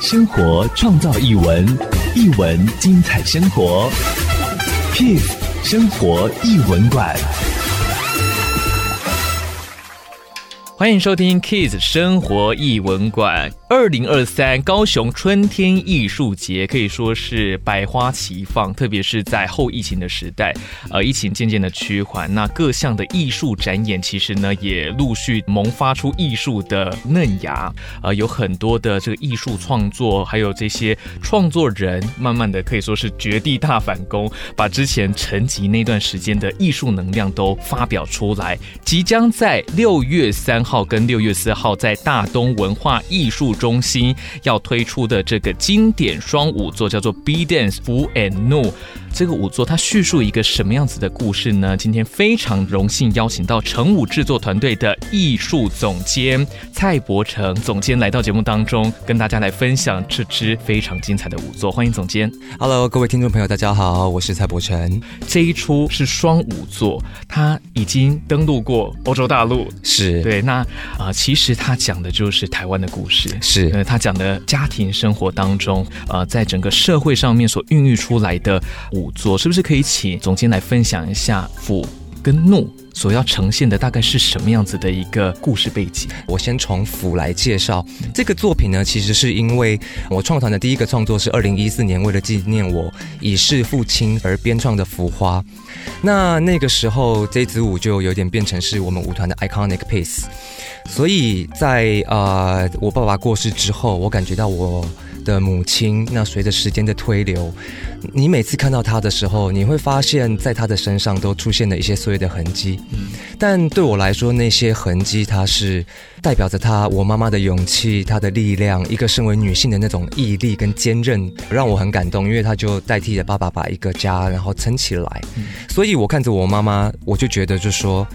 生活創造藝文，藝文精彩生活，P 生活藝文館。歡迎收聽《KISS 生活藝文館》。二零二三高雄春天藝術節可以說是百花齊放，特別是在後疫情的時代，呃，疫情漸漸的趨緩，那各項的藝術展演其實呢，也陸續萌發出藝術的嫩芽，呃，有很多的這個藝術創作，還有這些創作人，慢慢的可以說是絕地大反攻，把之前沉寂那段時間的藝術能量都發表出來。即將在六月三號跟六月四號在大東文化藝術中心要推出的這個經典雙舞作叫做《B.DANCE 撫 and 怒》。這個舞作，它敘述一個什麼樣子的故事呢？今天非常榮幸邀請到丞舞製作團隊的藝術總監蔡博丞總監來到節目當中，跟大家來分享這支非常精彩的舞作。歡迎總監。Hello，各位聽眾朋友，大家好，我是蔡博丞。這一出是雙舞作，他已經登陸過歐洲大陸。是對。那啊、呃，其實他講的就是台灣的故事。是。呃，他講的家庭生活當中，呃，在整個社會上面所孕育出來的舞。作，是不是可以請總監來分享一下《撫》跟《怒》所要呈現的大概是什麼樣子的一個故事背景？我先從《撫》來介紹這個作品呢。其實是因為我創團的第一個創作是二零一四年，為了紀念我已逝父親而編創的《浮花》。那那個時候，這支舞就有點變成是我們舞團的 iconic piece。所以在，在、呃、啊，我爸爸過世之後，我感覺到我。的母親，那隨着時間的推流，你每次看到她的時候，你會發現在她的身上都出現了一些歲月的痕跡，嗯。但對我來說，那些痕跡它是代表着她、我媽媽的勇氣、她的力量、一個身為女性的那種毅力跟堅韌，讓我很感動。因為她就代替了爸爸把一個家然後撐起來，嗯，所以我看着我媽媽，我就覺得就說，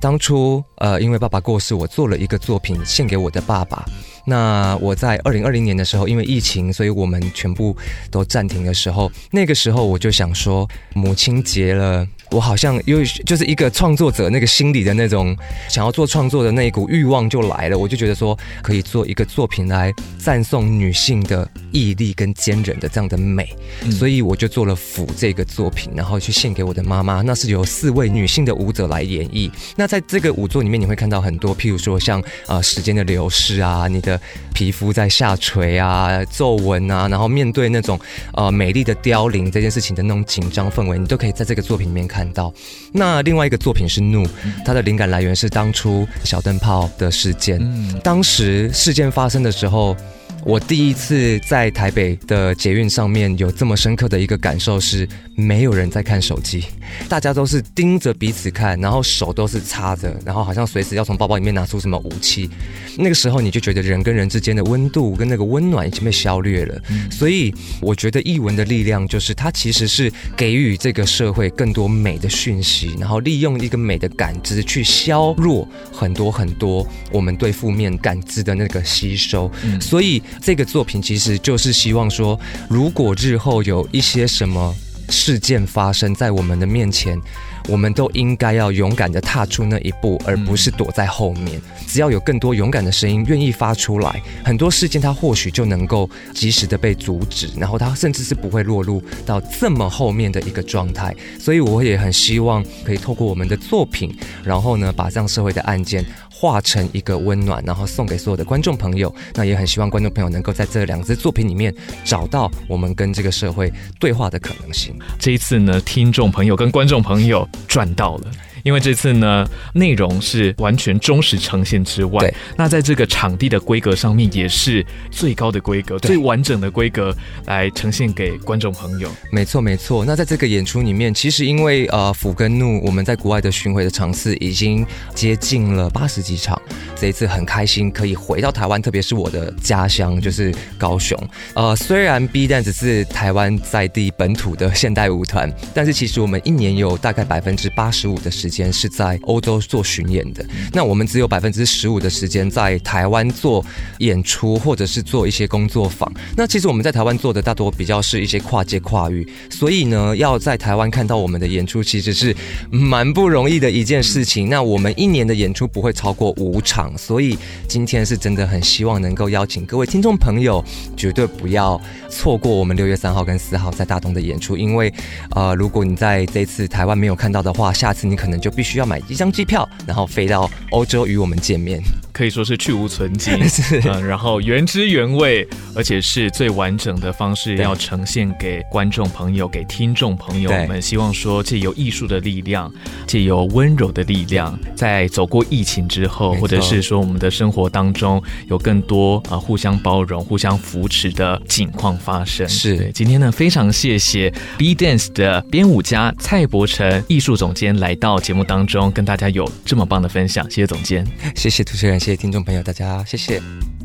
當初呃，因為爸爸過世，我做了一個作品獻給我的爸爸。那我在二零二零年的時候，因為疫情，所以我們全部都暫停的時候，那個時候我就想說，母親節了。我好像因為就是一個創作者，那個心裡的那種想要做創作的那一股慾望就來了，我就覺得說可以做一個作品來讚頌女性的毅力跟堅韌的這樣的美，所以我就做了《撫》這個作品，然後去獻給我的媽媽。那是由四位女性的舞者來演繹。那在這個舞作裡面，你會看到很多，譬如說像啊、呃、時間的流逝啊，你的皮膚在下垂啊、皺紋啊，然後面對那種啊、呃、美麗的凋零這件事情的那種緊張氛圍，你都可以在這個作品裡面看。到。那另外一個作品是《怒》，它的靈感來源是當初小燈泡的事件、嗯。當時事件發生的時候。我第一次在台北的捷運上面有這麼深刻的一個感受是，沒有人在看手機，大家都是盯着彼此看，然後手都是插着，然後好像隨時要從包包裡面拿出什麼武器。那個時候你就覺得人跟人之間的溫度跟那個溫暖已經被消滅了。所以我覺得藝文的力量就是，它其實是給予這個社會更多美的訊息，然後利用一個美的感知去削弱很多很多我們對負面感知的那個吸收。所以。這個作品其實就是希望說，如果日後有一些什麼事件發生在我們的面前，我們都應該要勇敢地踏出那一步，而不是躲在後面。只要有更多勇敢的聲音願意發出來，很多事件它或許就能夠及時地被阻止，然後它甚至是不會落入到這麼後面的一個狀態。所以我也很希望可以透過我們的作品，然後呢，把這樣社會的案件。化成一個溫暖，然後送給所有的觀眾朋友。那也很希望觀眾朋友能夠在這兩支作品裡面找到我們跟這個社會對話的可能性。這一次呢，聽眾朋友跟觀眾朋友賺到了。因為這次呢，內容是完全忠實呈現之外對，那在這個場地的規格上面也是最高的規格對，最完整的規格來呈現給觀眾朋友。沒錯，沒錯。那在這個演出裡面，其實因為呃，斧根怒我們在國外的巡迴的嘗試已經接近了八十幾場，這一次很開心可以回到台灣，特別是我的家鄉就是高雄。呃，雖然 B 站只是台灣在地本土的現代舞團，但是其實我們一年有大概百分之八十五的時間。間是在歐洲做巡演的，那我們只有百分之十五的時間在台灣做演出，或者是做一些工作坊。那其實我們在台灣做的大多比較是一些跨界跨域，所以呢，要在台灣看到我們的演出其實是蠻不容易的一件事情。那我們一年的演出不會超過五場，所以今天是真的很希望能夠邀請各位聽眾朋友，絕對不要錯過我們六月三號跟四號在大東的演出，因為啊、呃，如果你在這次台灣沒有看到的話，下次你可能就。就必須要買一張機票，然後飛到歐洲與我們見面。可以說是去蕪存菁，是是嗯，然後原汁原味，而且是最完整的方式，要呈現給觀眾朋友、給聽眾朋友。我們希望說，借由藝術的力量，借由溫柔的力量，在走過疫情之後，或者是說我們的生活當中，有更多啊、呃、互相包容、互相扶持的情況發生。是，今天呢，非常謝謝《B Dance》的編舞家蔡博丞藝術總監來到節目當中，跟大家有這麼棒的分享。謝謝總監，謝謝主持人。謝謝聽眾朋友，大家謝謝。